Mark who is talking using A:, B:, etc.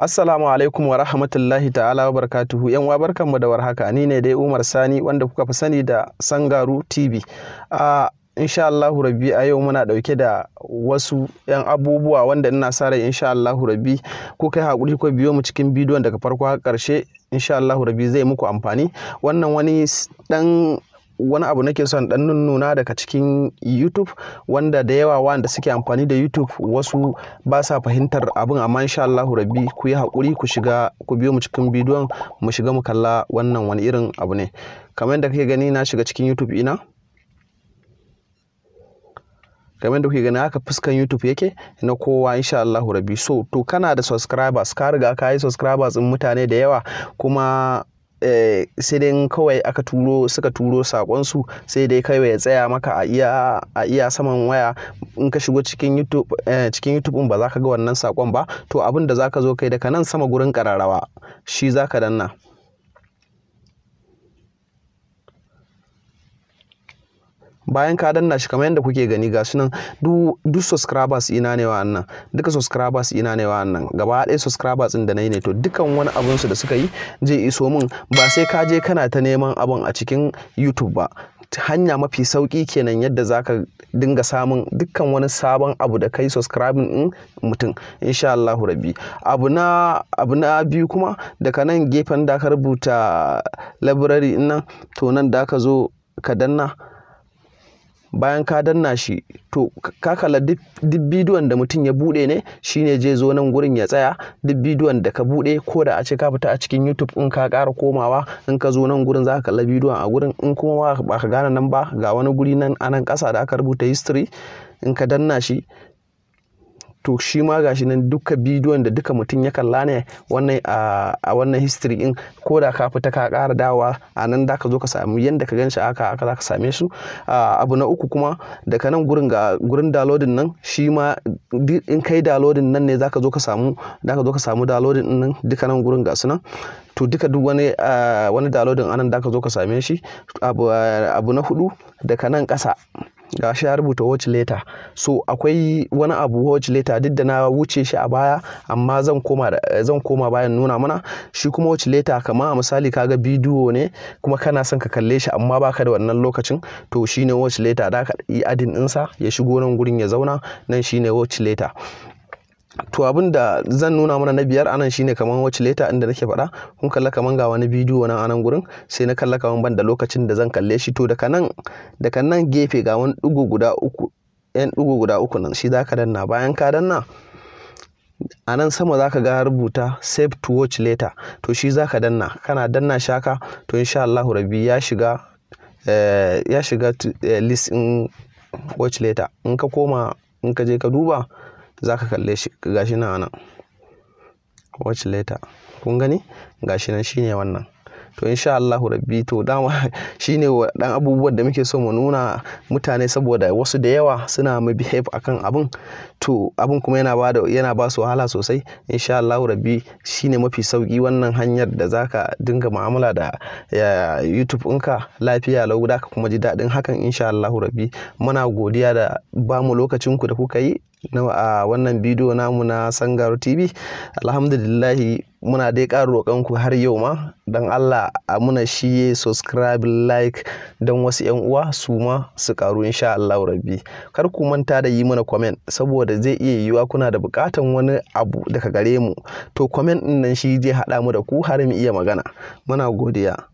A: Assalamu alaikum wa rahmatullahi ta'ala wa barakatuhu. Yan uwa barkanmu da warhaka. Ni ne dai Umar Sani wanda kuka fi sani da Sangaru TV. A insha Allah rabbi a yau muna dauke da wasu yan abubuwa wanda ina sa rai insha Allah rabbi ko kai hakuri ko biyo mu cikin bidiyon daga farko har karshe insha Allah rabbi zai muku amfani. Wannan wani dan wani abu nake son dan nuna daga cikin YouTube wanda da yawa wanda suke amfani da YouTube wasu ba sa fahimtar abin amma insha Allahu rabbi ku yi hakuri ku shiga ku biyo mu cikin bidiyon mu shiga mu kalla wannan wani irin abu ne kamar yadda kake gani na shiga cikin YouTube ina kamar yadda kuke gani haka fuskan YouTube yake na kowa insha rabi rabbi so to kana da subscribers ka riga ka yi subscribers in mutane da yawa kuma Eh, sai dai kawai aka turo suka turo sakonsu sai dai kawai ya tsaya maka a iya saman waya in ka shigo cikin YouTube eh, cikin ba za ka ga wannan sakon ba to abin da za ka zo kai daga nan sama gurin ƙararrawa shi za ka danna bayan ka danna shi kamar yadda kuke gani ga nan duk subscribers ina ne nan duka subscribers ina ne nan gaba ɗaya subscribers din da na ne to dukan wani abun su da suka yi zai iso min ba sai ka je kana ta neman abun a cikin YouTube ba hanya mafi sauki kenan yadda zaka dinga samun dukkan wani sabon abu da kai subscribing din mutum insha Allahu rabbi abu na abu na biyu kuma daga nan gefen da ka rubuta library nan to nan da ka zo ka danna bayan ka danna shi to ka kalla duk bidiyon da mutum ya buɗe ne shine zai zo nan gurin ya tsaya duk bidiyon da ka buɗe ko da a ce ka fita a cikin YouTube in ka ƙara komawa in ka zo nan gurin za ka kalla bidiyon a gurin in kuma ba ka gane nan ba ga wani guri nan a nan ƙasa da aka rubuta history in ka danna shi to shi ma gashi nan duka bidiyon da duka mutum ya kalla ne wannan a wannan history din ko da ka fita ka ƙara dawa a nan da ka zo ka samu yadda ka ganshi aka aka za ka same su abu na uku kuma daga nan gurin ga gurin downloading nan shi ma in kai downloading nan ne za ka zo ka samu da ka zo ka samu downloading din nan duka nan gurin ga su nan to duka duk wani wani downloading anan da ka zo ka same shi abu na hudu daga nan ƙasa gashi ya rubuta watch later so akwai wani abu watch later duk da na wuce shi a baya amma zan koma zan koma bayan nuna mana shi kuma watch later kamar a misali kaga bidiyo ne kuma kana son ka kalle shi amma baka da wannan lokacin to shine watch later da ka yi adin insa ya shigo nan gurin ya zauna nan shine watch later to abin da zan nuna mana na biyar anan shine kaman wacce leta inda nake faɗa kun kalla kaman ga wani bidiyo nan anan gurin sai na kalla kaman banda da lokacin da zan kalle shi to daga nan daga nan gefe ga wani ɗugu guda uku yan ɗigo guda uku nan shi zaka danna bayan ka danna a nan sama za ga rubuta save to watch later to shi za danna kana danna shaka to insha Allah rabi ya shiga eh, ya shiga eh, list in watch later in ka koma in ka je ka duba za ka kalle shi gashi nan a nan watch later kun gani gashi nan shine wannan to insha Allahu rabbi to dama shine dan abubuwan da muke so mu nuna mutane saboda wasu da yawa suna mu behave akan abun to abun kuma yana ba da yana ba su wahala sosai insha Allahu rabbi shine mafi sauki wannan hanyar da zaka dinga mu'amala da YouTube ɗinka lafiya lau da kuma ji daɗin hakan insha Allahu rabbi muna godiya da ba mu lokacin ku da kuka yi na wannan bidiyo namu na Sangaro TV alhamdulillah. muna dai ƙara roƙonku har yau ma don Allah a muna shiye subscribe like don wasu 'yan uwa su ma su ƙaru insha Allah rabbi kar ku manta da yi mana comment saboda zai iya yiwuwa kuna da buƙatan wani abu daga gare mu to comment ɗin nan shi zai haɗa mu da ku har mu iya magana muna godiya